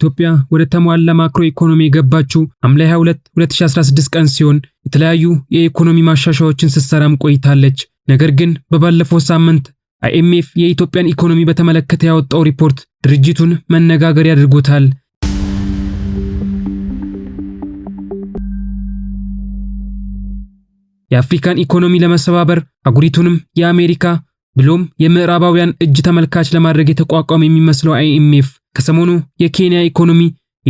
ኢትዮጵያ ወደ ተሟላ ማክሮ ኢኮኖሚ የገባችው ሐምሌ 22 2016 ቀን ሲሆን የተለያዩ የኢኮኖሚ ማሻሻያዎችን ስትሰራም ቆይታለች። ነገር ግን በባለፈው ሳምንት አይኤምኤፍ የኢትዮጵያን ኢኮኖሚ በተመለከተ ያወጣው ሪፖርት ድርጅቱን መነጋገር ያድርጎታል። የአፍሪካን ኢኮኖሚ ለመሰባበር አጉሪቱንም የአሜሪካ ብሎም የምዕራባውያን እጅ ተመልካች ለማድረግ የተቋቋመ የሚመስለው አይኤምኤፍ ከሰሞኑ የኬንያ ኢኮኖሚ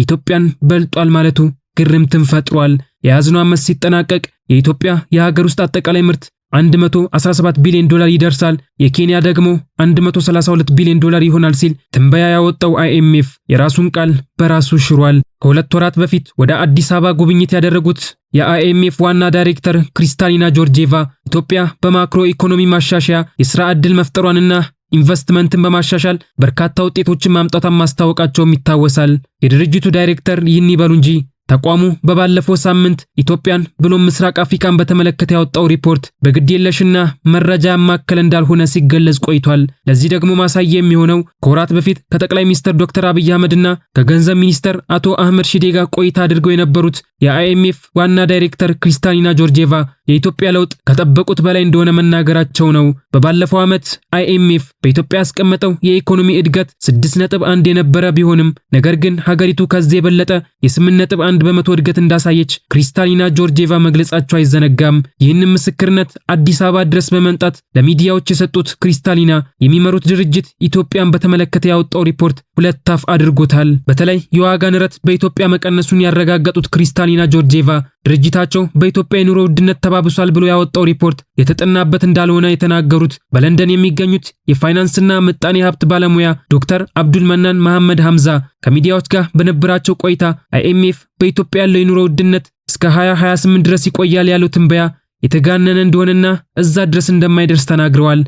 ኢትዮጵያን በልጧል ማለቱ ግርምትን ፈጥሯል። የያዝነው ዓመት ሲጠናቀቅ የኢትዮጵያ የሀገር ውስጥ አጠቃላይ ምርት 117 ቢሊዮን ዶላር ይደርሳል፣ የኬንያ ደግሞ 132 ቢሊዮን ዶላር ይሆናል ሲል ትንበያ ያወጣው አይኤምኤፍ የራሱን ቃል በራሱ ሽሯል። ከሁለት ወራት በፊት ወደ አዲስ አበባ ጉብኝት ያደረጉት የአይኤምኤፍ ዋና ዳይሬክተር ክሪስታሊና ጆርጂዬቫ ኢትዮጵያ በማክሮ ኢኮኖሚ ማሻሻያ የስራ ዕድል መፍጠሯንና ኢንቨስትመንትን በማሻሻል በርካታ ውጤቶችን ማምጣቷን ማስታወቃቸውም ይታወሳል። የድርጅቱ ዳይሬክተር ይህን ይበሉ እንጂ ተቋሙ በባለፈው ሳምንት ኢትዮጵያን ብሎም ምስራቅ አፍሪካን በተመለከተ ያወጣው ሪፖርት በግዴለሽና መረጃ ያማከለ እንዳልሆነ ሲገለጽ ቆይቷል። ለዚህ ደግሞ ማሳያ የሚሆነው ከወራት በፊት ከጠቅላይ ሚኒስትር ዶክተር አብይ አህመድና ከገንዘብ ሚኒስትር አቶ አህመድ ሺዴ ጋር ቆይታ አድርገው የነበሩት የአይኤምኤፍ ዋና ዳይሬክተር ክሪስታሊና ጆርጄቫ የኢትዮጵያ ለውጥ ከጠበቁት በላይ እንደሆነ መናገራቸው ነው። በባለፈው ዓመት አይኤምኤፍ በኢትዮጵያ ያስቀመጠው የኢኮኖሚ እድገት 6.1 የነበረ ቢሆንም ነገር ግን ሀገሪቱ ከዚህ የበለጠ የ8.1 በመቶ እድገት እንዳሳየች ክሪስታሊና ጆርጄቫ መግለጻቸው አይዘነጋም። ይህንን ምስክርነት አዲስ አበባ ድረስ በመምጣት ለሚዲያዎች የሰጡት ክሪስታሊና የሚመሩት ድርጅት ኢትዮጵያን በተመለከተ ያወጣው ሪፖርት ሁለት ታፍ አድርጎታል። በተለይ የዋጋ ንረት በኢትዮጵያ መቀነሱን ያረጋገጡት ክሪስታሊና ጆርጂየቫ ድርጅታቸው በኢትዮጵያ የኑሮ ውድነት ተባብሷል ብሎ ያወጣው ሪፖርት የተጠናበት እንዳልሆነ የተናገሩት በለንደን የሚገኙት የፋይናንስና ምጣኔ ሀብት ባለሙያ ዶክተር አብዱል መናን መሐመድ ሐምዛ ከሚዲያዎች ጋር በነበራቸው ቆይታ አይኤምኤፍ በኢትዮጵያ ያለው የኑሮ ውድነት እስከ 2028 ድረስ ይቆያል ያለው ትንበያ የተጋነነ እንደሆነና እዛ ድረስ እንደማይደርስ ተናግረዋል።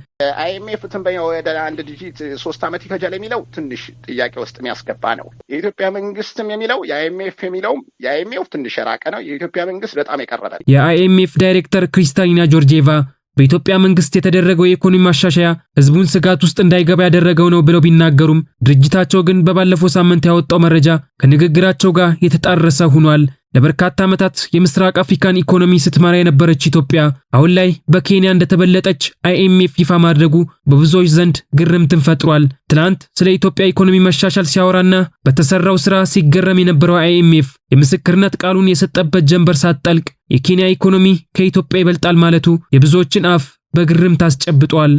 አይኤምኤፍ ትንበያ ወደ አንድ ዲጂት ሶስት ዓመት ይፈጃል የሚለው ትንሽ ጥያቄ ውስጥ የሚያስገባ ነው። የኢትዮጵያ መንግስትም የሚለው የአይኤምኤፍ የሚለውም የአይኤምኤፍ ትንሽ የራቀ ነው። የኢትዮጵያ መንግስት በጣም የቀረበ ነው። የአይኤምኤፍ ዳይሬክተር ክሪስታሊና ጆርጄቫ በኢትዮጵያ መንግስት የተደረገው የኢኮኖሚ ማሻሻያ ህዝቡን ስጋት ውስጥ እንዳይገባ ያደረገው ነው ብለው ቢናገሩም ድርጅታቸው ግን በባለፈው ሳምንት ያወጣው መረጃ ከንግግራቸው ጋር የተጣረሰ ሆኗል። ለበርካታ ዓመታት የምስራቅ አፍሪካን ኢኮኖሚ ስትመራ የነበረች ኢትዮጵያ አሁን ላይ በኬንያ እንደተበለጠች አይኤምኤፍ ይፋ ማድረጉ በብዙዎች ዘንድ ግርምትን ፈጥሯል። ትናንት ስለ ኢትዮጵያ ኢኮኖሚ መሻሻል ሲያወራና በተሰራው ስራ ሲገረም የነበረው አይኤምኤፍ የምስክርነት ቃሉን የሰጠበት ጀንበር ሳትጠልቅ የኬንያ ኢኮኖሚ ከኢትዮጵያ ይበልጣል ማለቱ የብዙዎችን አፍ በግርምት አስጨብጧል።